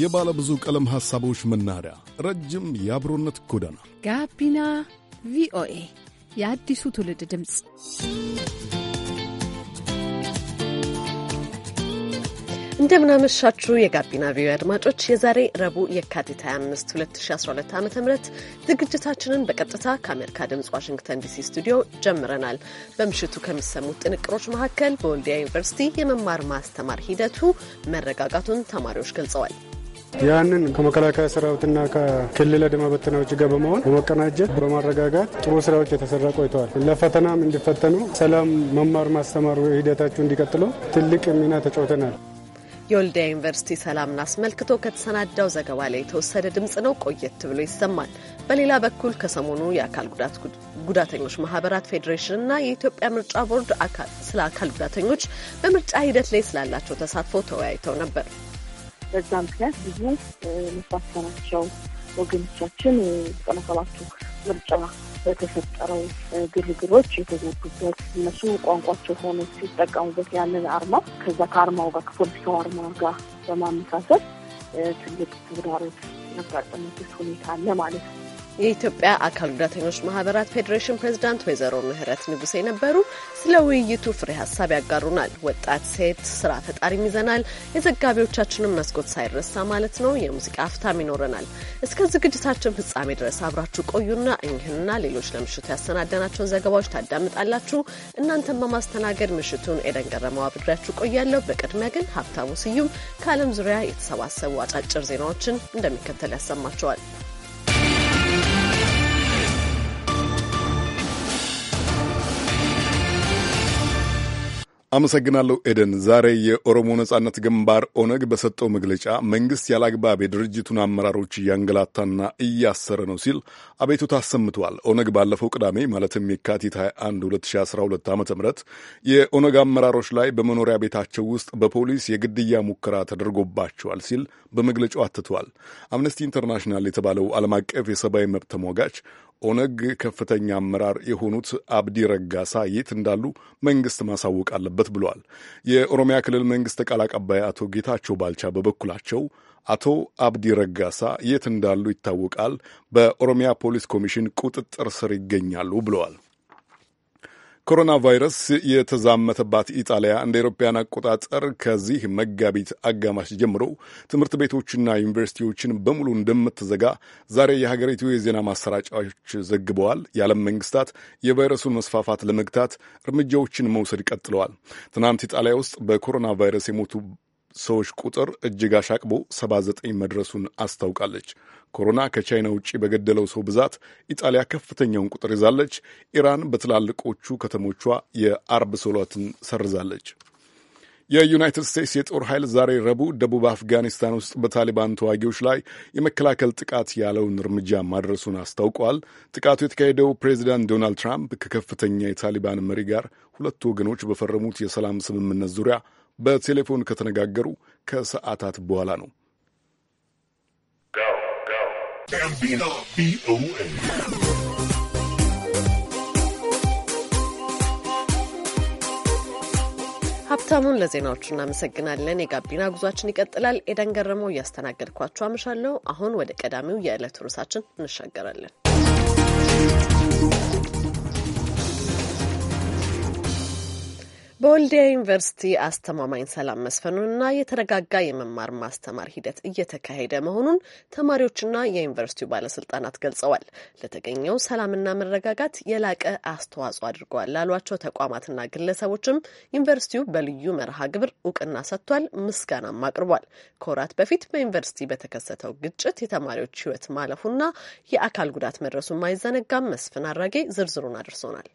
የባለ ብዙ ቀለም ሐሳቦች መናኸሪያ፣ ረጅም የአብሮነት ጎዳና ጋቢና ቪኦኤ የአዲሱ ትውልድ ድምፅ። እንደምናመሻችሁ የጋቢና ቪኦኤ አድማጮች፣ የዛሬ ረቡዕ የካቲት 25 2012 ዓ ም ዝግጅታችንን በቀጥታ ከአሜሪካ ድምፅ ዋሽንግተን ዲሲ ስቱዲዮ ጀምረናል። በምሽቱ ከሚሰሙት ጥንቅሮች መካከል በወልዲያ ዩኒቨርሲቲ የመማር ማስተማር ሂደቱ መረጋጋቱን ተማሪዎች ገልጸዋል። ያንን ከመከላከያ ሰራዊትና ከክልል አድማ በተናዎች ጋር በመሆን በመቀናጀት በማረጋጋት ጥሩ ስራዎች የተሰራ ቆይተዋል። ለፈተናም እንዲፈተኑ ሰላም መማር ማስተማር ሂደታቸው እንዲቀጥሉ ትልቅ ሚና ተጫውተናል። የወልዲያ ዩኒቨርሲቲ ሰላምን አስመልክቶ ከተሰናዳው ዘገባ ላይ የተወሰደ ድምፅ ነው፣ ቆየት ብሎ ይሰማል። በሌላ በኩል ከሰሞኑ የአካል ጉዳተኞች ማህበራት ፌዴሬሽን እና የኢትዮጵያ ምርጫ ቦርድ ስለ አካል ጉዳተኞች በምርጫ ሂደት ላይ ስላላቸው ተሳትፎ ተወያይተው ነበር። በዛ ምክንያት ብዙ መሳሰናቸው ወገኖቻችን ዘጠና ሰባቱ ምርጫ በተፈጠረው ግርግሮች የተጎዱበት እነሱ ቋንቋቸው ሆኖ ሲጠቀሙበት ያንን አርማ ከዛ ከአርማው ጋር ከፖለቲካው አርማ ጋር በማመሳሰል ትልቅ ተግዳሮት ያጋጠመበት ሁኔታ አለ ማለት ነው። የኢትዮጵያ አካል ጉዳተኞች ማህበራት ፌዴሬሽን ፕሬዝዳንት ወይዘሮ ምህረት ንጉሴ ነበሩ። ስለ ውይይቱ ፍሬ ሀሳብ ያጋሩናል። ወጣት ሴት ስራ ፈጣሪም ይዘናል። የዘጋቢዎቻችንን መስኮት ሳይረሳ ማለት ነው። የሙዚቃ አፍታም ይኖረናል። እስከ ዝግጅታችን ፍጻሜ ድረስ አብራችሁ ቆዩና እኚህንና ሌሎች ለምሽቱ ያሰናደናቸውን ዘገባዎች ታዳምጣላችሁ። እናንተን በማስተናገድ ምሽቱን ኤደን ገረመው አብሬያችሁ ቆያለሁ። በቅድሚያ ግን ሀብታሙ ስዩም ከዓለም ዙሪያ የተሰባሰቡ አጫጭር ዜናዎችን እንደሚከተል ያሰማቸዋል። አመሰግናለሁ ኤደን። ዛሬ የኦሮሞ ነጻነት ግንባር ኦነግ በሰጠው መግለጫ መንግሥት ያላግባብ የድርጅቱን አመራሮች እያንገላታና እያሰረ ነው ሲል አቤቱታ አሰምተዋል። ኦነግ ባለፈው ቅዳሜ ማለትም የካቲት 21 2012 ዓ ም የኦነግ አመራሮች ላይ በመኖሪያ ቤታቸው ውስጥ በፖሊስ የግድያ ሙከራ ተደርጎባቸዋል ሲል በመግለጫው አትተዋል። አምነስቲ ኢንተርናሽናል የተባለው ዓለም አቀፍ የሰብአዊ መብት ተሟጋች ኦነግ ከፍተኛ አመራር የሆኑት አብዲ ረጋሳ የት እንዳሉ መንግስት ማሳወቅ አለበት ብለዋል። የኦሮሚያ ክልል መንግስት ቃል አቀባይ አቶ ጌታቸው ባልቻ በበኩላቸው አቶ አብዲ ረጋሳ የት እንዳሉ ይታወቃል፣ በኦሮሚያ ፖሊስ ኮሚሽን ቁጥጥር ስር ይገኛሉ ብለዋል። ኮሮና ቫይረስ የተዛመተባት ኢጣሊያ እንደ አውሮፓውያን አቆጣጠር ከዚህ መጋቢት አጋማሽ ጀምሮ ትምህርት ቤቶችና ዩኒቨርሲቲዎችን በሙሉ እንደምትዘጋ ዛሬ የሀገሪቱ የዜና ማሰራጫዎች ዘግበዋል። የዓለም መንግስታት የቫይረሱን መስፋፋት ለመግታት እርምጃዎችን መውሰድ ቀጥለዋል። ትናንት ኢጣሊያ ውስጥ በኮሮና ቫይረስ የሞቱ ሰዎች ቁጥር እጅግ አሻቅቦ 79 መድረሱን አስታውቃለች። ኮሮና ከቻይና ውጭ በገደለው ሰው ብዛት ኢጣሊያ ከፍተኛውን ቁጥር ይዛለች። ኢራን በትላልቆቹ ከተሞቿ የአርብ ሶሎትን ሰርዛለች። የዩናይትድ ስቴትስ የጦር ኃይል ዛሬ ረቡዕ ደቡብ አፍጋኒስታን ውስጥ በታሊባን ተዋጊዎች ላይ የመከላከል ጥቃት ያለውን እርምጃ ማድረሱን አስታውቋል። ጥቃቱ የተካሄደው ፕሬዚዳንት ዶናልድ ትራምፕ ከከፍተኛ የታሊባን መሪ ጋር ሁለቱ ወገኖች በፈረሙት የሰላም ስምምነት ዙሪያ በቴሌፎን ከተነጋገሩ ከሰዓታት በኋላ ነው። ሀብታሙን ለዜናዎቹ እናመሰግናለን። የጋቢና ጉዟችን ይቀጥላል። ኤደን ገረመው እያስተናገድኳችሁ አምሻለሁ አሁን ወደ ቀዳሚው የዕለት ርዕሳችን እንሻገራለን። በወልዲያ ዩኒቨርሲቲ አስተማማኝ ሰላም መስፈኑንና የተረጋጋ የመማር ማስተማር ሂደት እየተካሄደ መሆኑን ተማሪዎችና የዩኒቨርሲቲው ባለስልጣናት ገልጸዋል። ለተገኘው ሰላምና መረጋጋት የላቀ አስተዋጽኦ አድርገዋል ላሏቸው ተቋማትና ግለሰቦችም ዩኒቨርሲቲው በልዩ መርሃ ግብር እውቅና ሰጥቷል፣ ምስጋናም አቅርቧል። ከወራት በፊት በዩኒቨርሲቲ በተከሰተው ግጭት የተማሪዎች ሕይወት ማለፉና የአካል ጉዳት መድረሱን ማይዘነጋም መስፍን አራጌ ዝርዝሩን አድርሶናል።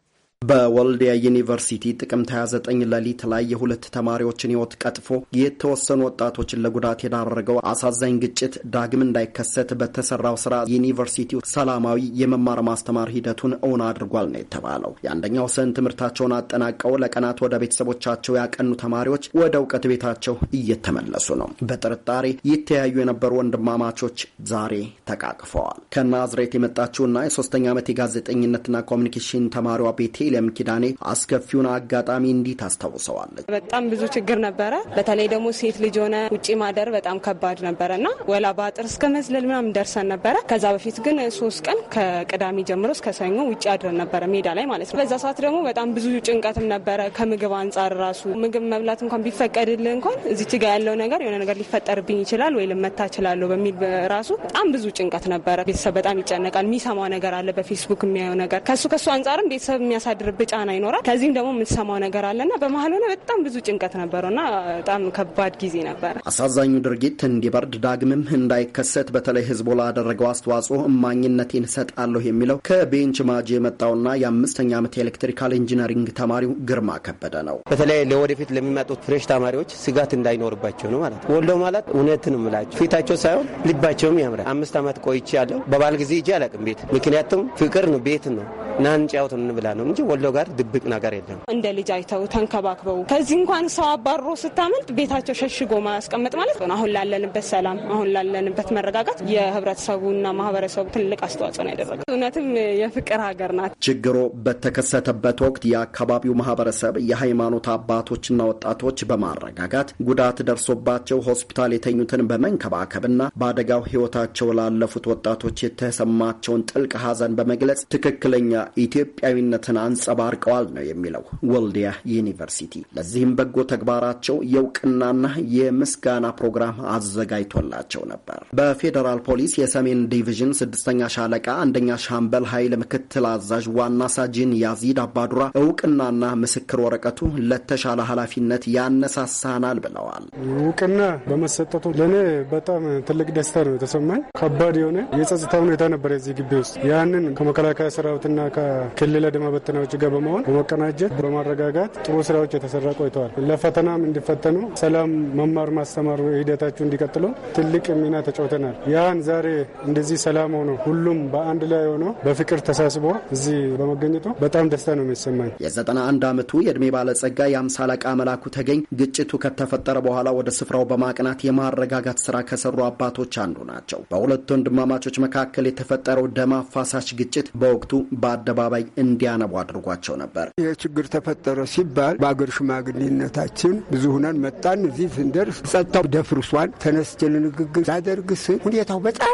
በወልዲያ ዩኒቨርሲቲ ጥቅምት 29 ሌሊት ላይ የሁለት ተማሪዎችን ህይወት ቀጥፎ የተወሰኑ ወጣቶችን ለጉዳት የዳረገው አሳዛኝ ግጭት ዳግም እንዳይከሰት በተሰራው ስራ ዩኒቨርሲቲው ሰላማዊ የመማር ማስተማር ሂደቱን እውን አድርጓል ነው የተባለው። የአንደኛው ሰን ትምህርታቸውን አጠናቀው ለቀናት ወደ ቤተሰቦቻቸው ያቀኑ ተማሪዎች ወደ እውቀት ቤታቸው እየተመለሱ ነው። በጥርጣሬ ይተያዩ የነበሩ ወንድማማቾች ዛሬ ተቃቅፈዋል። ከናዝሬት የመጣችውና የሶስተኛ ዓመት የጋዜጠኝነትና ኮሚኒኬሽን ተማሪዋ ቤቴ ዊልያም ኪዳኔ አስከፊውን አጋጣሚ እንዲህ ታስታውሰዋለች። በጣም ብዙ ችግር ነበረ። በተለይ ደግሞ ሴት ልጅ ሆነ ውጭ ማደር በጣም ከባድ ነበረ እና ወላ በአጥር እስከ መዝለል ምናምን ደርሰን ነበረ። ከዛ በፊት ግን ሶስት ቀን ከቅዳሜ ጀምሮ እስከ ሰኞ ውጭ አድረን ነበረ ሜዳ ላይ ማለት ነው። በዛ ሰዓት ደግሞ በጣም ብዙ ጭንቀትም ነበረ ከምግብ አንጻር ራሱ ምግብ መብላት እንኳን ቢፈቀድልህ እንኳን እዚች ጋ ያለው ነገር የሆነ ነገር ሊፈጠርብኝ ይችላል ወይ ልመታ እችላለሁ በሚል ራሱ በጣም ብዙ ጭንቀት ነበረ። ቤተሰብ በጣም ይጨነቃል። የሚሰማው ነገር አለ በፌስቡክ የሚያየው ነገር ከሱ ከሱ አንጻርም ቤተሰብ የሚያሳድ የሚያድርብህ ጫና ይኖራል። ከዚህም ደግሞ የምንሰማው ነገር አለና በመሀል ሆነ በጣም ብዙ ጭንቀት ነበረውና በጣም ከባድ ጊዜ ነበረ። አሳዛኙ ድርጊት እንዲበርድ ዳግምም እንዳይከሰት በተለይ ህዝቡ ላደረገው አስተዋጽኦ እማኝነቴን እሰጣለሁ የሚለው ከቤንች ማጅ የመጣውና የአምስተኛ ዓመት የኤሌክትሪካል ኢንጂነሪንግ ተማሪው ግርማ ከበደ ነው። በተለይ ለወደፊት ለሚመጡት ፍሬሽ ተማሪዎች ስጋት እንዳይኖርባቸው ነው ማለት ወልዶ ማለት እውነትን ምላቸው ፊታቸው ሳይሆን ልባቸውም ያምራል። አምስት ዓመት ቆይቼ ያለው በባል ጊዜ እጅ አላቅም ቤት ምክንያቱም ፍቅር ነው ቤት ነው ና እንጫወት እንብላ ነው እንጂ ወሎ ጋር ድብቅ ነገር የለም። እንደ ልጅ አይተው ተንከባክበው ከዚህ እንኳን ሰው አባሮ ስታመልጥ ቤታቸው ሸሽጎ ማያስቀምጥ ማለት ነው። አሁን ላለንበት ሰላም፣ አሁን ላለንበት መረጋጋት የህብረተሰቡና ማህበረሰቡ ትልቅ አስተዋጽኦ ነው ያደረገ። እውነትም የፍቅር ሀገር ናት። ችግሩ በተከሰተበት ወቅት የአካባቢው ማህበረሰብ የሃይማኖት አባቶችና ወጣቶች በማረጋጋት ጉዳት ደርሶባቸው ሆስፒታል የተኙትን በመንከባከብና በአደጋው ህይወታቸው ላለፉት ወጣቶች የተሰማቸውን ጥልቅ ሀዘን በመግለጽ ትክክለኛ ኢትዮጵያዊነትን አንጸባርቀዋል ነው የሚለው ወልዲያ ዩኒቨርሲቲ። ለዚህም በጎ ተግባራቸው የእውቅናና የምስጋና ፕሮግራም አዘጋጅቶላቸው ነበር። በፌዴራል ፖሊስ የሰሜን ዲቪዥን ስድስተኛ ሻለቃ አንደኛ ሻምበል ኃይል ምክትል አዛዥ ዋና ሳጅን ያዚድ አባዱራ እውቅናና ምስክር ወረቀቱ ለተሻለ ኃላፊነት ያነሳሳናል ብለዋል። እውቅና በመሰጠቱ ለእኔ በጣም ትልቅ ደስታ ነው የተሰማኝ። ከባድ የሆነ የጸጥታ ሁኔታ ነበር የዚህ ግቢ ውስጥ ያንን ከመከላከያ ሰራዊትና ከክልል አድማ በተናዎች ጋር በመሆን በመቀናጀት በማረጋጋት ጥሩ ስራዎች የተሰራ ቆይተዋል። ለፈተናም እንዲፈተኑ ሰላም መማር ማስተማር ሂደታችሁ እንዲቀጥሉ ትልቅ ሚና ተጫውተናል። ያን ዛሬ እንደዚህ ሰላም ሆኖ ሁሉም በአንድ ላይ ሆኖ በፍቅር ተሳስቦ እዚህ በመገኘቱ በጣም ደስታ ነው የሚሰማኝ። የዘጠና አንድ አመቱ የእድሜ ባለጸጋ የአምሳ አለቃ መላኩ ተገኝ ግጭቱ ከተፈጠረ በኋላ ወደ ስፍራው በማቅናት የማረጋጋት ስራ ከሰሩ አባቶች አንዱ ናቸው። በሁለቱ ወንድማማቾች መካከል የተፈጠረው ደም አፋሳሽ ግጭት በወቅቱ በአዲስ አደባባይ እንዲያነቡ አድርጓቸው ነበር። ይህ ችግር ተፈጠረ ሲባል በአገር ሽማግሌነታችን ብዙ ሁነን መጣን። እዚህ ስንደርስ ጸጥታው ደፍርሷል። ተነስቼ ንግግር ሳደርግስ ሁኔታው በጣም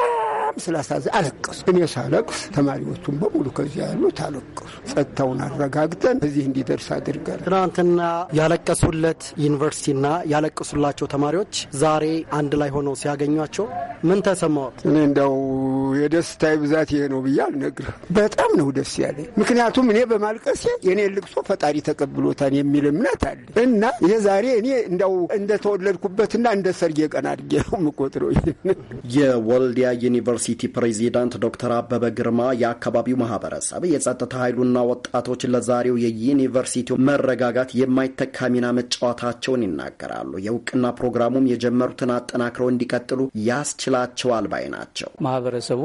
በጣም ስላሳዘ አለቀሱ። እኔ ሳለቅስ ተማሪዎቹም በሙሉ ከዚያ ያሉት አለቀሱ። ጸጥታውን አረጋግጠን እዚህ እንዲደርስ አድርገን ትናንትና ያለቀሱለት ዩኒቨርሲቲና ያለቀሱላቸው ተማሪዎች ዛሬ አንድ ላይ ሆነው ሲያገኟቸው ምን ተሰማዎት? እኔ እንደው የደስታ ብዛት ይሄ ነው ብዬ አልነግርህ። በጣም ነው ደስ ያለኝ። ምክንያቱም እኔ በማልቀሴ የእኔ ልቅሶ ፈጣሪ ተቀብሎታል የሚል እምነት አለ እና ይሄ ዛሬ እኔ እንደው እንደተወለድኩበትና እንደ ሰርጌ ቀን አድርጌ ነው የምቆጥረው። የወልዲያ ዩኒቨርሲቲ ዩኒቨርሲቲ ፕሬዚዳንት ዶክተር አበበ ግርማ የአካባቢው ማህበረሰብ የጸጥታ ኃይሉና ወጣቶች ለዛሬው የዩኒቨርሲቲው መረጋጋት የማይተካ ሚና መጫወታቸውን ይናገራሉ። የእውቅና ፕሮግራሙም የጀመሩትን አጠናክረው እንዲቀጥሉ ያስችላቸዋል ባይ ናቸው። ማህበረሰቡ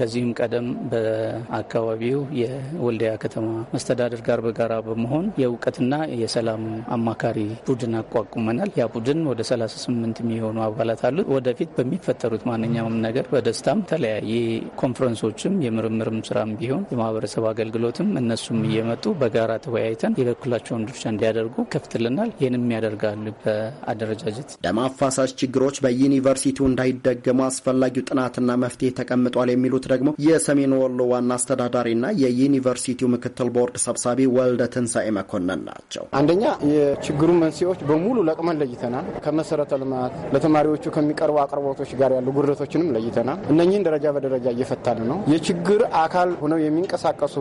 ከዚህም ቀደም በአካባቢው የወልዲያ ከተማ መስተዳደር ጋር በጋራ በመሆን የእውቀትና የሰላም አማካሪ ቡድን አቋቁመናል። ያ ቡድን ወደ 38 የሚሆኑ አባላት አሉት። ወደፊት በሚፈጠሩት ማንኛውም ነገር በደስታም ተለያየ ኮንፈረንሶችም የምርምርም ስራም ቢሆን የማህበረሰብ አገልግሎትም እነሱም እየመጡ በጋራ ተወያይተን የበኩላቸውን ድርሻ እንዲያደርጉ ከፍትልናል። ይህንም ያደርጋል። በአደረጃጀት ደም አፋሳሽ ችግሮች በዩኒቨርሲቲው እንዳይደገሙ አስፈላጊው ጥናትና መፍትሄ ተቀምጧል የሚሉት ደግሞ የሰሜን ወሎ ዋና አስተዳዳሪና የዩኒቨርሲቲው ምክትል ቦርድ ሰብሳቢ ወልደ ትንሣኤ መኮንን ናቸው። አንደኛ የችግሩ መንስኤዎች በሙሉ ለቅመን ለይተናል። ከመሰረተ ልማት ለተማሪዎቹ ከሚቀርቡ አቅርቦቶች ጋር ያሉ ጉድለቶችንም ለይተናል። እነ እነኚህን ደረጃ በደረጃ እየፈታን ነው። የችግር አካል ሆነው የሚንቀሳቀሱ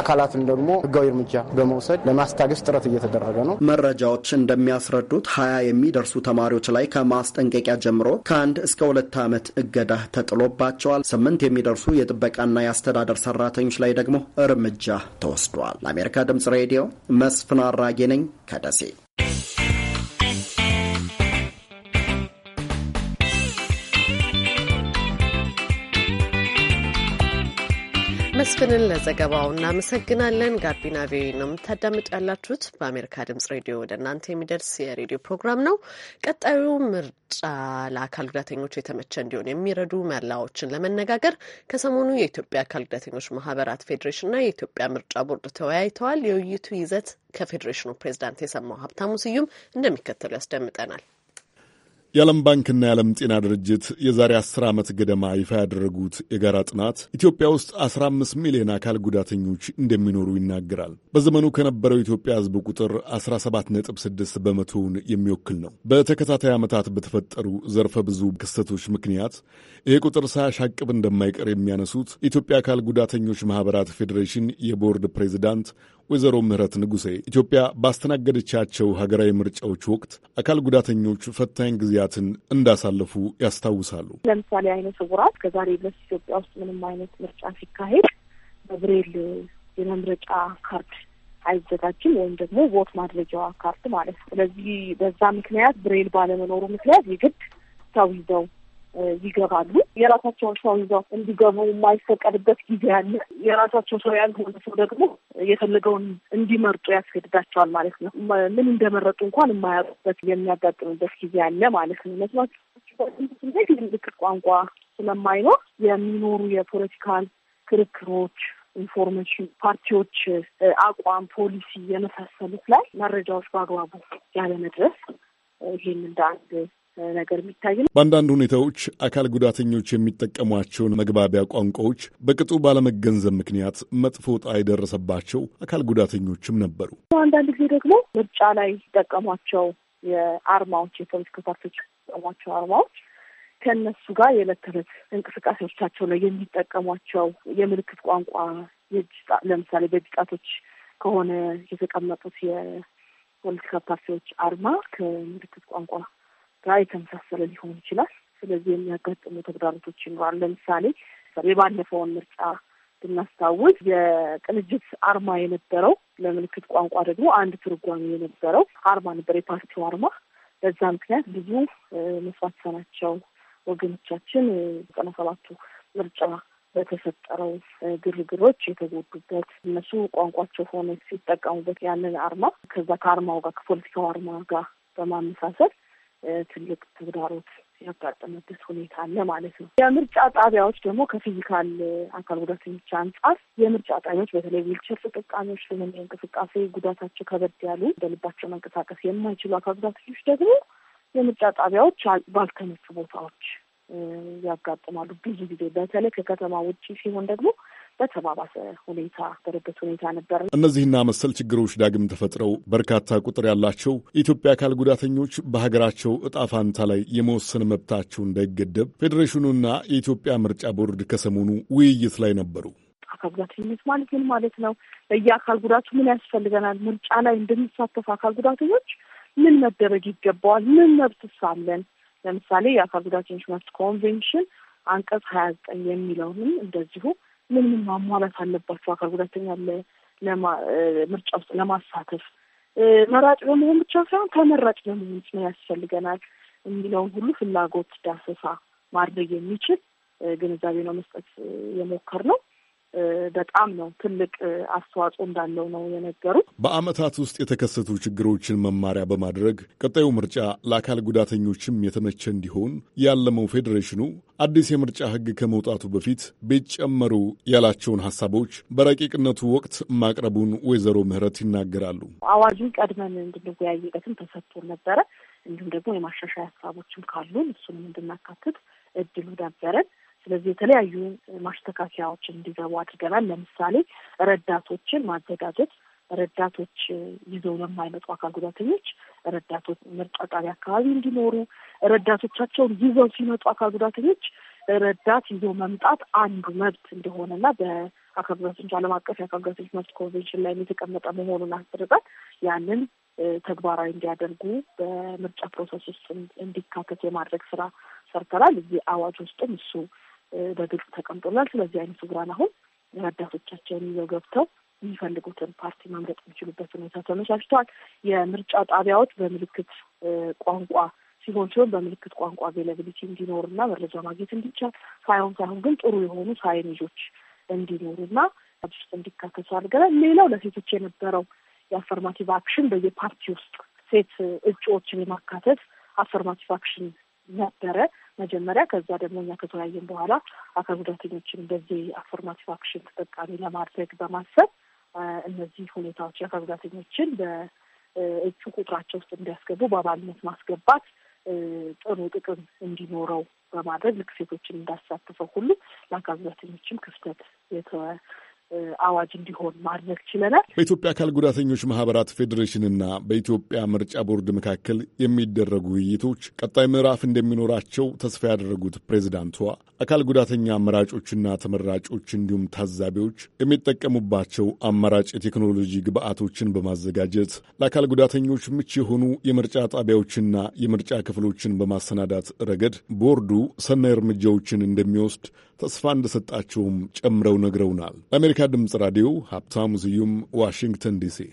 አካላትን ደግሞ ህጋዊ እርምጃ በመውሰድ ለማስታገስ ጥረት እየተደረገ ነው። መረጃዎች እንደሚያስረዱት ሀያ የሚደርሱ ተማሪዎች ላይ ከማስጠንቀቂያ ጀምሮ ከአንድ እስከ ሁለት ዓመት እገዳ ተጥሎባቸዋል። ስምንት የሚደርሱ የጥበቃና የአስተዳደር ሰራተኞች ላይ ደግሞ እርምጃ ተወስዷል። ለአሜሪካ ድምጽ ሬዲዮ መስፍን አራጌ ነኝ ከደሴ መስፍንን ለዘገባው እናመሰግናለን። ጋቢና ቪ ነው የምታዳምጡ ያላችሁት። በአሜሪካ ድምጽ ሬዲዮ ወደ እናንተ የሚደርስ የሬዲዮ ፕሮግራም ነው። ቀጣዩ ምርጫ ለአካል ጉዳተኞች የተመቸ እንዲሆን የሚረዱ መላዎችን ለመነጋገር ከሰሞኑ የኢትዮጵያ አካል ጉዳተኞች ማህበራት ፌዴሬሽንና የኢትዮጵያ ምርጫ ቦርድ ተወያይተዋል። የውይይቱ ይዘት ከፌዴሬሽኑ ፕሬዚዳንት የሰማው ሀብታሙ ስዩም እንደሚከተሉ ያስደምጠናል። የዓለም ባንክና የዓለም ጤና ድርጅት የዛሬ 10 ዓመት ገደማ ይፋ ያደረጉት የጋራ ጥናት ኢትዮጵያ ውስጥ 15 ሚሊዮን አካል ጉዳተኞች እንደሚኖሩ ይናገራል። በዘመኑ ከነበረው የኢትዮጵያ ሕዝብ ቁጥር 17.6 በመቶውን የሚወክል ነው። በተከታታይ ዓመታት በተፈጠሩ ዘርፈ ብዙ ክስተቶች ምክንያት ይህ ቁጥር ሳያሻቅብ እንደማይቀር የሚያነሱት የኢትዮጵያ አካል ጉዳተኞች ማኅበራት ፌዴሬሽን የቦርድ ፕሬዚዳንት ወይዘሮ ምህረት ንጉሴ ኢትዮጵያ ባስተናገደቻቸው ሀገራዊ ምርጫዎች ወቅት አካል ጉዳተኞች ፈታኝ ጊዜያትን እንዳሳለፉ ያስታውሳሉ። ለምሳሌ አይነ ስውራት ከዛሬ ድረስ ኢትዮጵያ ውስጥ ምንም አይነት ምርጫ ሲካሄድ በብሬል የመምረጫ ካርድ አይዘጋጅም ወይም ደግሞ ቦት ማድረጊያዋ ካርድ ማለት ነው። ስለዚህ በዛ ምክንያት ብሬል ባለመኖሩ ምክንያት የግድ ሰው ይዘው ይገባሉ። የራሳቸውን ሰው ይዘው እንዲገቡ የማይፈቀድበት ጊዜ አለ። የራሳቸው ሰው ያልሆነ ሰው ደግሞ የፈለገውን እንዲመርጡ ያስገድዳቸዋል ማለት ነው። ምን እንደመረጡ እንኳን የማያውቁበት የሚያጋጥምበት ጊዜ አለ ማለት ነው። መስማት ምልክት ቋንቋ ስለማይኖር የሚኖሩ የፖለቲካል ክርክሮች ኢንፎርሜሽን፣ ፓርቲዎች አቋም፣ ፖሊሲ የመሳሰሉት ላይ መረጃዎች በአግባቡ ያለመድረስ ይህን እንደ አንድ ነገር የሚታይ ነው። በአንዳንድ ሁኔታዎች አካል ጉዳተኞች የሚጠቀሟቸውን መግባቢያ ቋንቋዎች በቅጡ ባለመገንዘብ ምክንያት መጥፎ ዕጣ የደረሰባቸው አካል ጉዳተኞችም ነበሩ። አንዳንድ ጊዜ ደግሞ ምርጫ ላይ ሲጠቀሟቸው የአርማዎች የፖለቲካ ፓርቲዎች የሚጠቀሟቸው አርማዎች ከእነሱ ጋር የዕለት ተዕለት እንቅስቃሴዎቻቸው ላይ የሚጠቀሟቸው የምልክት ቋንቋ ለምሳሌ በእጅ ጣቶች ከሆነ የተቀመጡት የፖለቲካ ፓርቲዎች አርማ ከምልክት ቋንቋ ጋር የተመሳሰለ ሊሆን ይችላል። ስለዚህ የሚያጋጥሙ ተግዳሮቶች ይኖራል። ለምሳሌ የባለፈውን ምርጫ ብናስታውስ የቅንጅት አርማ የነበረው ለምልክት ቋንቋ ደግሞ አንድ ትርጓሜ የነበረው አርማ ነበር፣ የፓርቲው አርማ። በዛ ምክንያት ብዙ መስዋዕት ሰናቸው ወገኖቻችን ዘጠና ሰባቱ ምርጫ በተፈጠረው ግርግሮች የተጎዱበት እነሱ ቋንቋቸው ሆነ ሲጠቀሙበት ያንን አርማ ከዛ ከአርማው ጋር ከፖለቲካው አርማ ጋር በማመሳሰል ትልቅ ተግዳሮት ያጋጠመበት ሁኔታ አለ ማለት ነው። የምርጫ ጣቢያዎች ደግሞ ከፊዚካል አካል ጉዳተኞች አንጻር የምርጫ ጣቢያዎች በተለይ ዊልቸር ተጠቃሚዎች ለሆነ እንቅስቃሴ ጉዳታቸው ከበድ ያሉ በልባቸው መንቀሳቀስ የማይችሉ አካል ጉዳተኞች ደግሞ የምርጫ ጣቢያዎች ባልተመቹ ቦታዎች ያጋጥማሉ። ብዙ ጊዜ በተለይ ከከተማ ውጭ ሲሆን ደግሞ በተባባሰ ሁኔታ በረበት ሁኔታ ነበር። እነዚህና መሰል ችግሮች ዳግም ተፈጥረው በርካታ ቁጥር ያላቸው የኢትዮጵያ አካል ጉዳተኞች በሀገራቸው እጣ ፋንታ ላይ የመወሰን መብታቸው እንዳይገደብ ፌዴሬሽኑና የኢትዮጵያ ምርጫ ቦርድ ከሰሞኑ ውይይት ላይ ነበሩ። አካል ጉዳተኝነት ማለት ምን ማለት ነው? በየአካል ጉዳቱ ምን ያስፈልገናል? ምርጫ ላይ እንደሚሳተፉ አካል ጉዳተኞች ምን መደረግ ይገባዋል? ምን መብት ሳለን? ለምሳሌ የአካል ጉዳተኞች መብት ኮንቬንሽን አንቀጽ ሀያ ዘጠኝ የሚለውንም እንደዚሁ ምን ምን ማሟላት አለባቸው አካል ጉዳተኛ ምርጫ ውስጥ ለማሳተፍ መራጭ በመሆን ብቻ ሳይሆን ተመራጭ በመሆን ምን ያስፈልገናል የሚለውን ሁሉ ፍላጎት ዳሰሳ ማድረግ የሚችል ግንዛቤ ነው መስጠት የሞከር ነው። በጣም ነው ትልቅ አስተዋጽኦ እንዳለው ነው የነገሩት። በአመታት ውስጥ የተከሰቱ ችግሮችን መማሪያ በማድረግ ቀጣዩ ምርጫ ለአካል ጉዳተኞችም የተመቸ እንዲሆን ያለመው ፌዴሬሽኑ አዲስ የምርጫ ሕግ ከመውጣቱ በፊት ቢጨመሩ ያላቸውን ሀሳቦች በረቂቅነቱ ወቅት ማቅረቡን ወይዘሮ ምህረት ይናገራሉ። አዋጁን ቀድመን እንድንወያይበትም ተሰጥቶን ነበረ። እንዲሁም ደግሞ የማሻሻያ ሀሳቦችም ካሉን እሱንም እንድናካትት እድሉ ነበረን። ስለዚህ የተለያዩ ማስተካከያዎችን እንዲገቡ አድርገናል። ለምሳሌ ረዳቶችን ማዘጋጀት ረዳቶች ይዘው ለማይመጡ አካል ጉዳተኞች ረዳቶች ምርጫ ጣቢያ አካባቢ እንዲኖሩ ረዳቶቻቸውን ይዘው ሲመጡ አካል ጉዳተኞች ረዳት ይዞ መምጣት አንዱ መብት እንደሆነና በአካል ጉዳተኞች ዓለም አቀፍ የአካል ጉዳተኞች መብት ኮንቬንሽን ላይ የተቀመጠ መሆኑን አስረዳት ያንን ተግባራዊ እንዲያደርጉ በምርጫ ፕሮሰስ ውስጥ እንዲካተት የማድረግ ስራ ሰርተናል። እዚህ አዋጅ ውስጥም እሱ በግልጽ ተቀምጦላል። ስለዚህ አይነ ስውራን አሁን ረዳቶቻቸውን ይዘው ገብተው የሚፈልጉትን ፓርቲ መምረጥ የሚችሉበት ሁኔታ ተመቻችተዋል። የምርጫ ጣቢያዎች በምልክት ቋንቋ ሲሆን ሲሆን በምልክት ቋንቋ አቬላብሊቲ እንዲኖርና መረጃ ማግኘት እንዲቻል ሳይሆን ሳይሆን ግን ጥሩ የሆኑ ሳይን ይዞች እንዲኖሩና ውስጥ እንዲካተቱ አድርገናል። ሌላው ለሴቶች የነበረው የአፈርማቲቭ አክሽን በየፓርቲ ውስጥ ሴት እጩዎችን የማካተት አፈርማቲቭ አክሽን ነበረ። መጀመሪያ ከዛ ደግሞ እኛ ከተወያየን በኋላ አካል ጉዳተኞችን በዚህ አፎርማቲቭ አክሽን ተጠቃሚ ለማድረግ በማሰብ እነዚህ ሁኔታዎች የአካል ጉዳተኞችን በእጩ ቁጥራቸው ውስጥ እንዲያስገቡ በአባልነት ማስገባት ጥሩ ጥቅም እንዲኖረው በማድረግ ልክ ሴቶችን እንዳሳተፈው ሁሉ ለአካል ጉዳተኞችም ክፍተት የተወ አዋጅ እንዲሆን ማድረግ ችለናል። በኢትዮጵያ አካል ጉዳተኞች ማህበራት ፌዴሬሽንና በኢትዮጵያ ምርጫ ቦርድ መካከል የሚደረጉ ውይይቶች ቀጣይ ምዕራፍ እንደሚኖራቸው ተስፋ ያደረጉት ፕሬዚዳንቷ አካል ጉዳተኛ አመራጮችና ተመራጮች እንዲሁም ታዛቢዎች የሚጠቀሙባቸው አማራጭ የቴክኖሎጂ ግብዓቶችን በማዘጋጀት ለአካል ጉዳተኞች ምች የሆኑ የምርጫ ጣቢያዎችና የምርጫ ክፍሎችን በማሰናዳት ረገድ ቦርዱ ሰናይ እርምጃዎችን እንደሚወስድ ተስፋ እንደሰጣችሁም ጨምረው ነግረውናል። ለአሜሪካ ድምፅ ራዲዮ ሀብታሙ ስዩም ዋሽንግተን ዲሲ።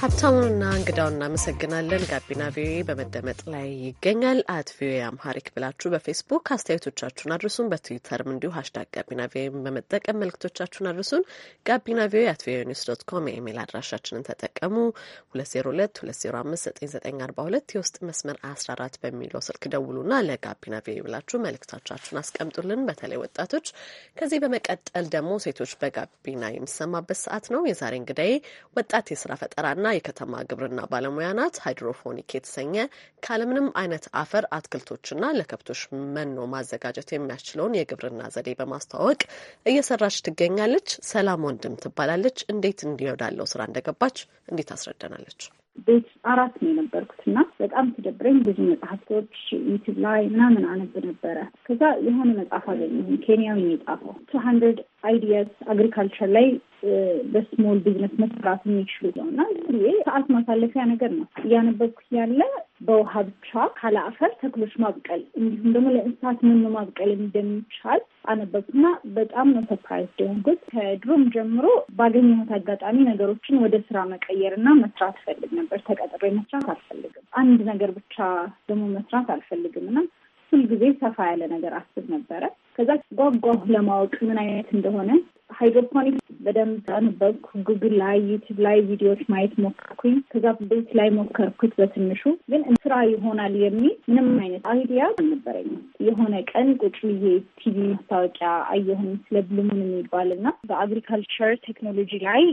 ሀብታሙንና እንግዳውን እናመሰግናለን። ጋቢና ቪኦኤ በመደመጥ ላይ ይገኛል። አት ቪኦኤ አምሃሪክ ብላችሁ በፌስቡክ አስተያየቶቻችሁን አድርሱን። በትዊተርም እንዲሁ ሀሽታግ ጋቢና ቪኦኤ በመጠቀም መልክቶቻችሁን አድርሱን። ጋቢና ቪኦኤ አት ቪኦኤ ኒውስ ዶት ኮም የኢሜል አድራሻችንን ተጠቀሙ። 2022059942 የውስጥ መስመር 14 በሚለው ስልክ ደውሉና ለጋቢና ቪኦኤ ብላችሁ መልእክቶቻችሁን አስቀምጡልን። በተለይ ወጣቶች። ከዚህ በመቀጠል ደግሞ ሴቶች በጋቢና የሚሰማበት ሰዓት ነው። የዛሬ እንግዳዬ ወጣት የስራ ፈጠራና የከተማ ግብርና ባለሙያ ናት። ሃይድሮፎኒክ የተሰኘ ካለምንም አይነት አፈር አትክልቶችና ለከብቶች መኖ ማዘጋጀት የሚያስችለውን የግብርና ዘዴ በማስተዋወቅ እየሰራች ትገኛለች። ሰላም ወንድም ትባላለች። እንዴት እንዲወዳለው ስራ እንደገባች እንዴት አስረደናለች። ቤት አራት ነው የነበርኩት እና በጣም ተደብረኝ ብዙ መጽሐፍቶች ዩቲብ ላይ ምናምን አነብ ነበረ። ከዛ የሆነ መጽሐፍ አገኘሁ ኬንያዊ የጻፈው ቱ ሀንድርድ አይዲያስ አግሪካልቸር ላይ በስሞል ቢዝነስ መስራት የሚችሉ ሆና እና ሰዓት ማሳለፊያ ነገር ነው እያነበብኩ ያለ በውሃ ብቻ ካለ አፈር ተክሎች ማብቀል እንዲሁም ደግሞ ለእንስሳት ምን ማብቀል እንደሚቻል አነበብኩና በጣም ነው ሰርፕራይዝ ደሆንኩት። ከድሮም ጀምሮ ባገኘሁት አጋጣሚ ነገሮችን ወደ ስራ መቀየር እና መስራት ፈልግ ነበር። ተቀጥሬ መስራት አልፈልግም። አንድ ነገር ብቻ ደግሞ መስራት አልፈልግም እና ጊዜ ሰፋ ያለ ነገር አስብ ነበረ። ከዛ ጓጓሁ ለማወቅ ምን አይነት እንደሆነ ሃይድሮፖኒክ በደንብ አነበብኩ። ጉግል ላይ፣ ዩቲብ ላይ ቪዲዮዎች ማየት ሞከርኩኝ። ከዛ ቤት ላይ ሞከርኩት በትንሹ ግን ስራ ይሆናል የሚል ምንም አይነት አይዲያ አልነበረኝ። የሆነ ቀን ቁጭ ብዬ ቲቪ ማስታወቂያ አየሁኝ ስለ ብሉሙን የሚባል እና በአግሪካልቸር ቴክኖሎጂ ላይ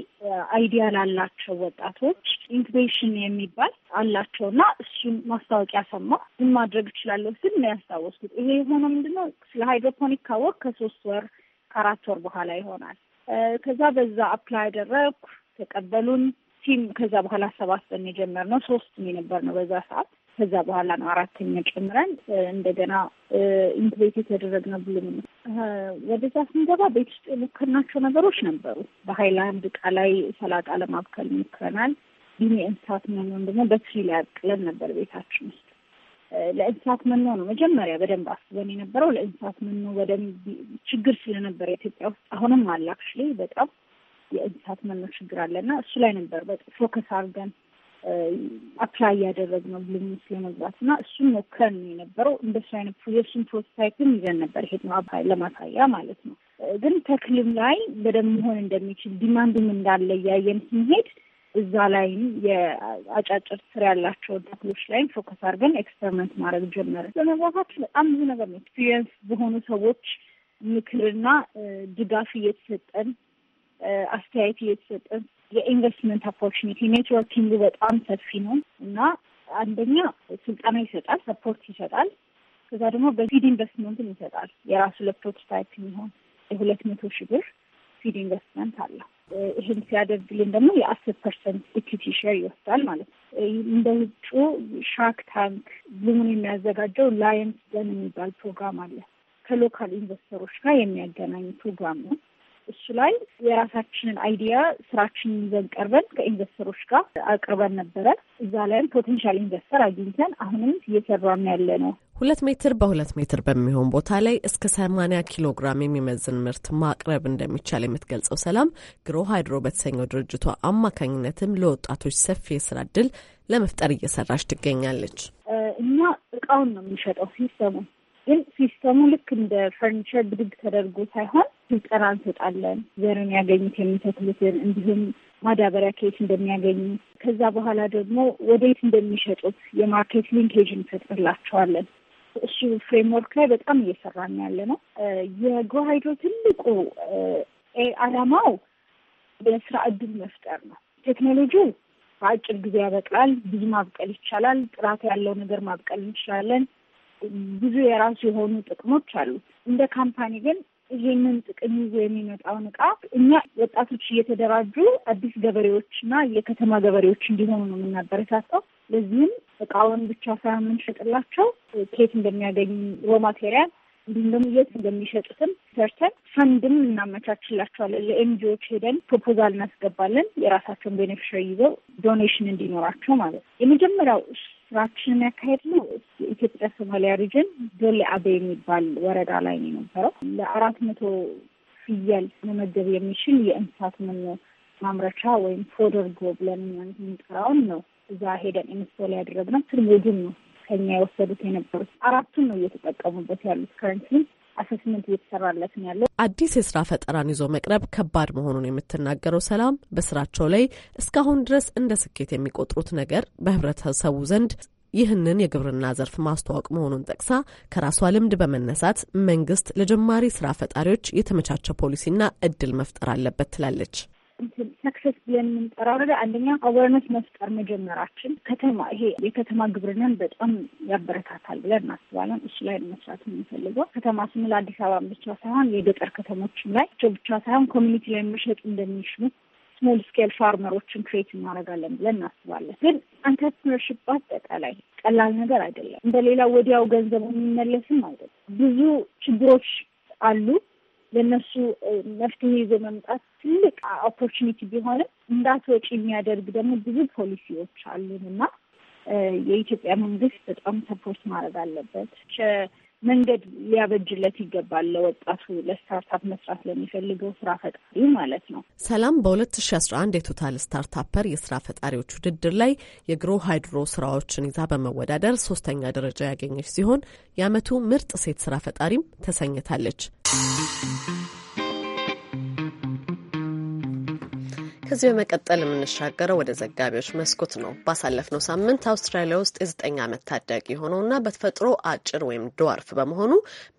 አይዲያ ላላቸው ወጣቶች ኢንኩቤሽን የሚባል አላቸው እና እሱን ማስታወቂያ ሰማ ምን ማድረግ እችላለሁ ስል ነው ያስታወስኩት። ይሄ የሆነ ምንድነው ስለ ሃይድሮፖኒክ ካወቅ ከሶስት ወር ከአራት ወር በኋላ ይሆናል። ከዛ በዛ አፕላይ አደረግኩ፣ ተቀበሉን። ቲም ከዛ በኋላ ሰባት ነን የጀመርነው፣ ሶስት የነበር ነው በዛ ሰዓት። ከዛ በኋላ ነው አራተኛ ጨምረን እንደገና ኢንክቤት የተደረግነው ብሉም ነው። ወደዛ ስንገባ ቤት ውስጥ የሞከርናቸው ነገሮች ነበሩ። በሀይላንድ እቃ ላይ ሰላጣ ለማብከል ሞክረናል። ቢኒ እንስሳት ምናምን ደግሞ በትሪ ላይ አብቅለን ነበር ቤታችን ውስጥ ለእንስሳት መኖ ነው መጀመሪያ በደንብ አስበን የነበረው። ለእንስሳት መኖ በደንብ ችግር ስለነበረ ኢትዮጵያ ውስጥ አሁንም አለ አክቹዋሊ በጣም የእንስሳት መኖ ችግር አለና እሱ ላይ ነበር ፎከስ አድርገን አፕላይ እያደረግነው ብልሙስ ለመግባት እና እሱም ሞከርን ነው የነበረው። እንደሱ አይነት ፕሮጀክሽን ፕሮቶታይፕም ይዘን ነበር ሄድነው ለማሳያ ማለት ነው። ግን ተክልም ላይ በደንብ መሆን እንደሚችል ዲማንዱም እንዳለ እያየን ስንሄድ እዛ ላይም የአጫጭር ስር ያላቸውን ተክሎች ላይም ፎከስ አድርገን ኤክስፐሪመንት ማድረግ ጀመረ። በመግባታችን በጣም ብዙ ነገር ነው። ኤክስፒሪየንስ በሆኑ ሰዎች ምክርና ድጋፍ እየተሰጠን አስተያየት እየተሰጠን የኢንቨስትመንት ኦፖርቹኒቲ ኔትወርኪንግ በጣም ሰፊ ነው እና አንደኛ ስልጠና ይሰጣል፣ ሰፖርት ይሰጣል። ከዛ ደግሞ በፊድ ኢንቨስትመንትን ይሰጣል። የራሱ ለፕሮቶታይፕ የሚሆን የሁለት መቶ ሺህ ብር ፊድ ኢንቨስትመንት አለው። ይህን ሲያደርግልን ደግሞ የአስር ፐርሰንት ኢኩቲ ሼር ይወስዳል ማለት ነው። እንደ ውጩ ሻርክ ታንክ ሉምን የሚያዘጋጀው ላየንስ ደን የሚባል ፕሮግራም አለ። ከሎካል ኢንቨስተሮች ጋር የሚያገናኝ ፕሮግራም ነው። እሱ ላይ የራሳችንን አይዲያ ስራችንን ይዘን ቀርበን ከኢንቨስተሮች ጋር አቅርበን ነበረ። እዛ ላይም ፖቴንሻል ኢንቨስተር አግኝተን አሁንም እየሰራን ያለ ነው። ሁለት ሜትር በሁለት ሜትር በሚሆን ቦታ ላይ እስከ ሰማኒያ ኪሎ ግራም የሚመዝን ምርት ማቅረብ እንደሚቻል የምትገልጸው ሰላም ግሮ ሃይድሮ በተሰኘው ድርጅቷ አማካኝነትም ለወጣቶች ሰፊ የስራ እድል ለመፍጠር እየሰራች ትገኛለች። እኛ እቃውን ነው የምንሸጠው ሲስተሙ ግን ሲስተሙ ልክ እንደ ፈርኒቸር ብድግ ተደርጎ ሳይሆን ስልጠና እንሰጣለን። ዘርን ያገኙት የሚተክሉትን እንዲሁም ማዳበሪያ ከየት እንደሚያገኙ ከዛ በኋላ ደግሞ ወደየት እንደሚሸጡት የማርኬት ሊንኬጅ እንፈጥርላቸዋለን። እሱ ፍሬምወርክ ላይ በጣም እየሰራን ያለ ነው። የጎሃይዶ ትልቁ አላማው የስራ እድል መፍጠር ነው። ቴክኖሎጂው በአጭር ጊዜ ያበቅላል። ብዙ ማብቀል ይቻላል። ጥራት ያለው ነገር ማብቀል እንችላለን። ብዙ የራሱ የሆኑ ጥቅሞች አሉት። እንደ ካምፓኒ ግን ይህንን ጥቅም ይዞ የሚመጣውን እቃ እኛ ወጣቶች እየተደራጁ አዲስ ገበሬዎችና የከተማ ገበሬዎች እንዲሆኑ ነው የምናበረታታው። ለዚህም እቃውን ብቻ ሳይሆን የምንሸጥላቸው ኬት እንደሚያገኝ ሮ ማቴሪያል እንዲሁም ደግሞ የት እንደሚሸጡትም ሰርተን ፈንድም እናመቻችላቸዋለን። ለኤንጂዎች ሄደን ፕሮፖዛል እናስገባለን። የራሳቸውን ቤኔፊሻሪ ይዘው ዶኔሽን እንዲኖራቸው ማለት ነው። የመጀመሪያው ስራችንን ያካሄድ ነው ኢትዮጵያ ሶማሊያ ሪጅን ዶሌ አቤ የሚባል ወረዳ ላይ ነው የነበረው። ለአራት መቶ ፍየል መመገብ የሚችል የእንስሳት መኖ ማምረቻ ወይም ፎደር ጎብለን ብለን የምንጠራውን ነው እዛ ሄደን ኢንስቶል ያደረግነው ትርጉም ነው ከኛ የወሰዱት የነበሩት አራቱን ነው እየተጠቀሙበት ያሉት ከረንትሊ አሰስመንት እየተሰራለት ነው ያለው። አዲስ የስራ ፈጠራን ይዞ መቅረብ ከባድ መሆኑን የምትናገረው ሰላም በስራቸው ላይ እስካሁን ድረስ እንደ ስኬት የሚቆጥሩት ነገር በህብረተሰቡ ዘንድ ይህንን የግብርና ዘርፍ ማስተዋወቅ መሆኑን ጠቅሳ ከራሷ ልምድ በመነሳት መንግስት ለጀማሪ ስራ ፈጣሪዎች የተመቻቸ ፖሊሲና እድል መፍጠር አለበት ትላለች። ሰክሰስ ብለን የምንጠራው ነገር አንደኛ አዋርነስ መፍጠር መጀመራችን ከተማ ይሄ የከተማ ግብርናን በጣም ያበረታታል ብለን እናስባለን። እሱ ላይ መስራት የምንፈልገው ከተማ ስንል አዲስ አበባ ብቻ ሳይሆን የገጠር ከተሞችም ላይ ብቻ ሳይሆን ኮሚኒቲ ላይ መሸጥ እንደሚችሉ ስሞል ስኬል ፋርመሮችን ክሬት እናደርጋለን ብለን እናስባለን። ግን አንተርፕርነርሽፕ በአጠቃላይ ቀላል ነገር አይደለም። እንደሌላ ወዲያው ገንዘቡ የሚመለስም አይደለም። ብዙ ችግሮች አሉ። ለእነሱ መፍትሄ ይዞ መምጣት ትልቅ ኦፖርቹኒቲ ቢሆንም እንዳትወጪ የሚያደርግ ደግሞ ብዙ ፖሊሲዎች አሉን እና የኢትዮጵያ መንግስት በጣም ሰፖርት ማድረግ አለበት። መንገድ ሊያበጅለት ይገባል። ለወጣቱ ለስታርታፕ መስራት ለሚፈልገው ስራ ፈጣሪ ማለት ነው። ሰላም በ2011 የቶታል ስታርታፐር የስራ ፈጣሪዎች ውድድር ላይ የግሮ ሃይድሮ ስራዎችን ይዛ በመወዳደር ሶስተኛ ደረጃ ያገኘች ሲሆን የአመቱ ምርጥ ሴት ስራ ፈጣሪም ተሰኝታለች። ከዚህ በመቀጠል የምንሻገረው ወደ ዘጋቢዎች መስኮት ነው። ባሳለፍነው ሳምንት አውስትራሊያ ውስጥ የዘጠኝ ዓመት ታዳጊ የሆነውና በተፈጥሮ አጭር ወይም ድዋርፍ በመሆኑ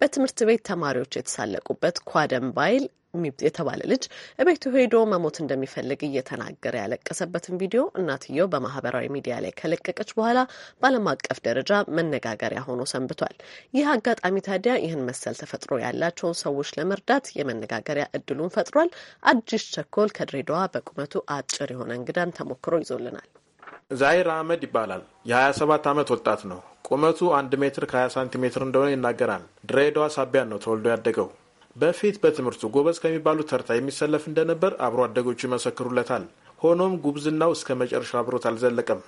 በትምህርት ቤት ተማሪዎች የተሳለቁበት ኳደም ባይል ። የተባለ ልጅ እቤቱ ሄዶ መሞት እንደሚፈልግ እየተናገረ ያለቀሰበትን ቪዲዮ እናትየው በማህበራዊ ሚዲያ ላይ ከለቀቀች በኋላ በዓለም አቀፍ ደረጃ መነጋገሪያ ሆኖ ሰንብቷል። ይህ አጋጣሚ ታዲያ ይህን መሰል ተፈጥሮ ያላቸውን ሰዎች ለመርዳት የመነጋገሪያ እድሉን ፈጥሯል። አዲስ ቸኮል ከድሬዳዋ በቁመቱ አጭር የሆነ እንግዳን ተሞክሮ ይዞልናል። ዛሂር አህመድ ይባላል። የ27 ዓመት ወጣት ነው። ቁመቱ አንድ ሜትር ከ20 ሳንቲሜትር እንደሆነ ይናገራል። ድሬዳዋ ሳቢያን ነው ተወልዶ ያደገው። በፊት በትምህርቱ ጎበዝ ከሚባሉ ተርታ የሚሰለፍ እንደነበር አብሮ አደጎቹ ይመሰክሩለታል። ሆኖም ጉብዝናው እስከ መጨረሻ አብሮት አልዘለቀም።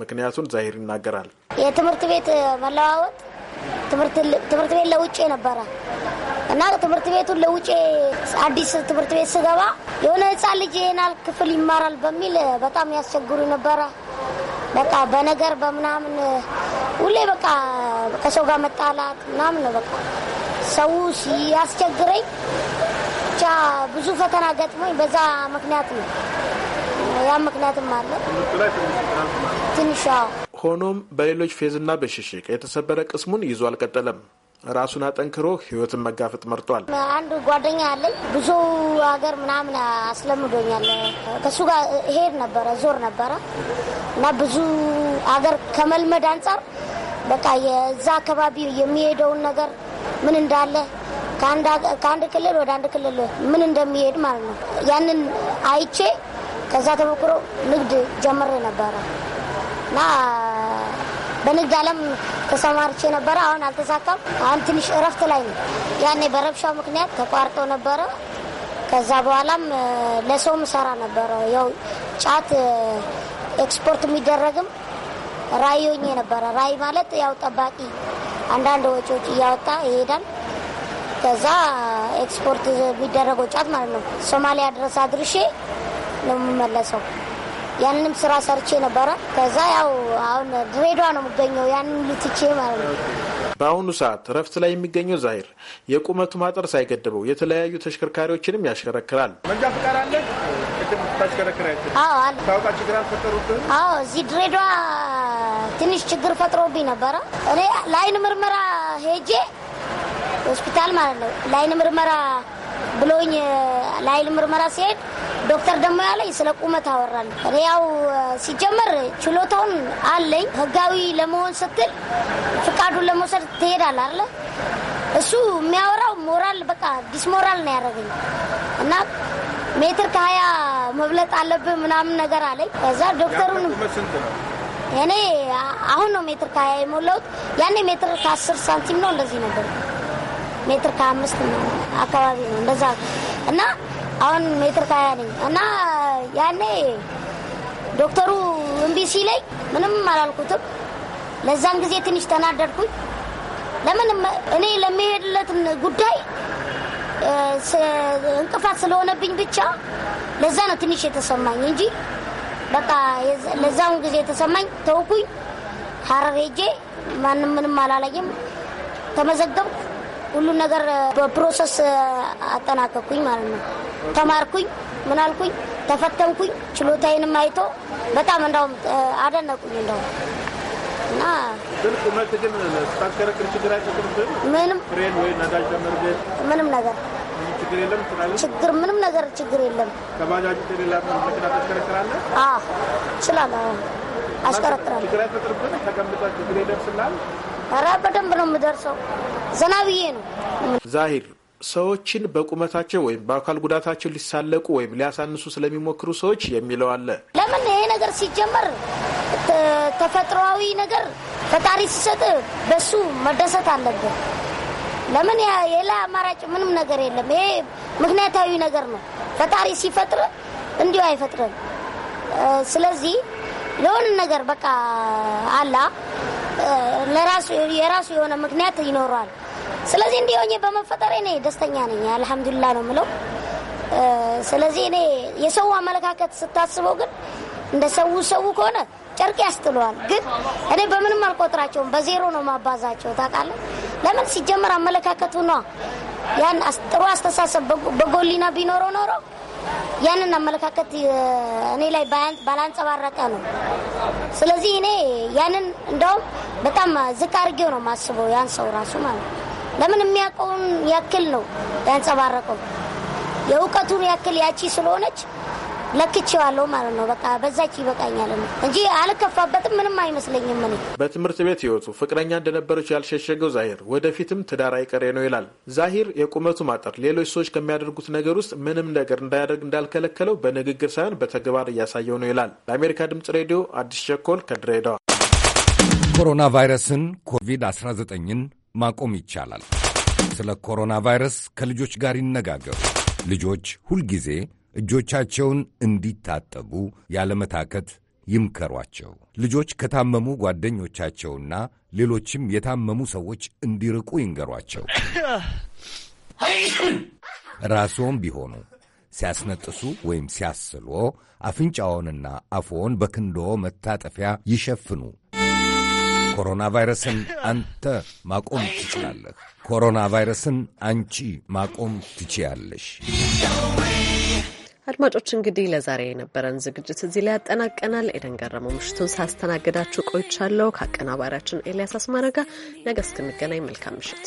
ምክንያቱን ዛሂር ይናገራል። የትምህርት ቤት መለዋወጥ ትምህርት ቤት ለውጭ ነበረ እና ትምህርት ቤቱን ለውጭ አዲስ ትምህርት ቤት ስገባ የሆነ ህፃ ልጅ ይሄናል ክፍል ይማራል በሚል በጣም ያስቸግሩ ነበረ። በቃ በነገር በምናምን ሁሌ በቃ ከሰው ጋር መጣላት ምናምን ነው በቃ ሰው ሲያስቸግረኝ ብቻ ብዙ ፈተና ገጥሞኝ በዛ ምክንያት ነው። ያም ምክንያትም አለ ትንሽ። ሆኖም በሌሎች ፌዝና በሽሽቅ የተሰበረ ቅስሙን ይዞ አልቀጠለም። ራሱን አጠንክሮ ህይወትን መጋፈጥ መርጧል። አንድ ጓደኛ አለኝ ብዙ ሀገር ምናምን አስለምዶኛል። ከሱ ጋር ሄድ ነበረ ዞር ነበረ እና ብዙ ሀገር ከመልመድ አንጻር በቃ የዛ አካባቢ የሚሄደውን ነገር ምን እንዳለ ከአንድ ክልል ወደ አንድ ክልል ምን እንደሚሄድ ማለት ነው። ያንን አይቼ ከዛ ተሞክሮ ንግድ ጀምሬ ነበረ እና በንግድ ዓለም ተሰማርቼ ነበረ። አሁን አልተሳካም። አሁን ትንሽ እረፍት ላይ ነው። ያኔ በረብሻው ምክንያት ተቋርጦ ነበረ። ከዛ በኋላም ለሰውም ሰራ ነበረ። ያው ጫት ኤክስፖርት የሚደረግም ራይ ሆኜ ነበረ። ራይ ማለት ያው ጠባቂ አንዳንድ ወጪዎች እያወጣ ይሄዳል። ከዛ ኤክስፖርት የሚደረገው ጫት ማለት ነው። ሶማሊያ ድረስ አድርሼ ነው የምመለሰው። ያንንም ስራ ሰርቼ ነበረ። ከዛ ያው አሁን ድሬዳዋ ነው የምገኘው። ያንን ልትቼ ማለት ነው። በአሁኑ ሰዓት እረፍት ላይ የሚገኘው ዛሂር የቁመቱ ማጠር ሳይገድበው የተለያዩ ተሽከርካሪዎችንም ያሽከረክራል። መንጃ ፈቃድ አለ ችግር አዎ እዚህ ድሬዳዋ ትንሽ ችግር ፈጥሮብኝ ነበረ። እኔ ለአይን ምርመራ ሄጄ ሆስፒታል ማለት ነው ለአይን ምርመራ ብሎኝ ለአይን ምርመራ ሲሄድ ዶክተር ደግሞ ያለኝ ስለ ቁመት አወራል። እኔ ያው ሲጀመር ችሎታውን አለኝ። ህጋዊ ለመሆን ስትል ፍቃዱን ለመውሰድ ትሄዳል አለ። እሱ የሚያወራው ሞራል በቃ ዲስሞራል ነው ያደረገኝ እና ሜትር ከሀያ መብለጥ አለብህ ምናምን ነገር አለኝ። ከዛ ዶክተሩን እኔ አሁን ነው ሜትር ከሀያ የሞላሁት። ያኔ ሜትር ከአስር ሳንቲም ነው እንደዚህ ነበር። ሜትር ከአምስት አካባቢ ነው እንደዛ እና አሁን ሜትር ከሀያ ነኝ እና ያኔ ዶክተሩ እምቢ ሲለኝ ምንም አላልኩትም። ለዛን ጊዜ ትንሽ ተናደድኩኝ። ለምን እኔ ለሚሄድለትን ጉዳይ እንቅፋት ስለሆነብኝ ብቻ ለዛ ነው ትንሽ የተሰማኝ እንጂ በቃ ለዛውን ጊዜ የተሰማኝ ተውኩኝ። ሀረር ሄጄ ማንም ምንም አላለኝም። ተመዘገብኩ። ሁሉን ነገር በፕሮሰስ አጠናቀቅኩኝ ማለት ነው። ተማርኩኝ፣ ምናልኩኝ፣ ተፈተንኩኝ። ችሎታዬንም አይቶ በጣም እንደውም አደነቁኝ እንደውም እና ምንም ነገር ችግር የለም ትላለች። ችግር ምንም ነገር ችግር የለም። ከባጃጅ መኪና ችግር አይፈጥርብን። ችግር ይደርስላል። ኧረ በደንብ ነው የምደርሰው። ዘና ብዬ ነው ዛሂር ሰዎችን በቁመታቸው ወይም በአካል ጉዳታቸው ሊሳለቁ ወይም ሊያሳንሱ ስለሚሞክሩ ሰዎች የሚለው አለ። ለምን ይሄ ነገር ሲጀመር ተፈጥሯዊ ነገር ፈጣሪ ሲሰጥ በሱ መደሰት አለብን። ለምን ሌላ አማራጭ ምንም ነገር የለም። ይሄ ምክንያታዊ ነገር ነው። ፈጣሪ ሲፈጥር እንዲሁ አይፈጥርም። ስለዚህ ለሆነ ነገር በቃ አላ ለራሱ የራሱ የሆነ ምክንያት ይኖረዋል። ስለዚህ እንዲህ ሆኜ በመፈጠሬ እኔ ደስተኛ ነኝ። አልሐምዱሊላ ነው ምለው። ስለዚህ እኔ የሰው አመለካከት ስታስበው ግን እንደ ሰው ሰው ከሆነ ጨርቅ ያስጥለዋል። ግን እኔ በምንም አልቆጥራቸውም፣ በዜሮ ነው ማባዛቸው ታውቃለህ። ለምን ሲጀመር አመለካከቱ ነዋ። ያን ጥሩ አስተሳሰብ በጎሊና ቢኖረው ኖሮ ያንን አመለካከት እኔ ላይ ባላንጸባረቀ ነው። ስለዚህ እኔ ያንን እንደውም በጣም ዝቅ አድርጌው ነው የማስበው ያን ሰው ራሱ ማለት ለምን የሚያውቀውን ያክል ነው ያንጸባረቀው የእውቀቱን ያክል ያቺ ስለሆነች ለክቼዋለሁ ማለት ነው። በቃ በዛች ይበቃኛል ነው እንጂ አልከፋበትም፣ ምንም አይመስለኝም። እኔ በትምህርት ቤት ህይወቱ ፍቅረኛ እንደነበረች ያልሸሸገው ዛሂር ወደፊትም ትዳር አይቀሬ ነው ይላል። ዛሂር የቁመቱ ማጠር ሌሎች ሰዎች ከሚያደርጉት ነገር ውስጥ ምንም ነገር እንዳያደርግ እንዳልከለከለው በንግግር ሳይሆን በተግባር እያሳየው ነው ይላል። ለአሜሪካ ድምጽ ሬዲዮ አዲስ ሸኮል ከድሬዳዋ። ኮሮና ቫይረስን ኮቪድ-19ን ማቆም ይቻላል። ስለ ኮሮና ቫይረስ ከልጆች ጋር ይነጋገሩ። ልጆች ሁልጊዜ እጆቻቸውን እንዲታጠቡ ያለመታከት ይምከሯቸው። ልጆች ከታመሙ ጓደኞቻቸውና ሌሎችም የታመሙ ሰዎች እንዲርቁ ይንገሯቸው። ራስዎም ቢሆኑ ሲያስነጥሱ ወይም ሲያስሎ አፍንጫዎንና አፎን በክንዶ መታጠፊያ ይሸፍኑ። ኮሮና ቫይረስን አንተ ማቆም ትችላለህ። ኮሮና ቫይረስን አንቺ ማቆም ትችያለሽ። አድማጮች እንግዲህ ለዛሬ የነበረን ዝግጅት እዚህ ላይ ያጠናቀናል። ኤደን ገረመው ምሽቱን ሳስተናግዳችሁ ቆይቻለሁ ከአቀናባሪያችን ኤልያስ አስማረጋ። ነገ እስክንገናኝ መልካም ምሽት።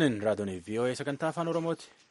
Rakkoon raadiyoon VOA sagantaa afaan Oromooti.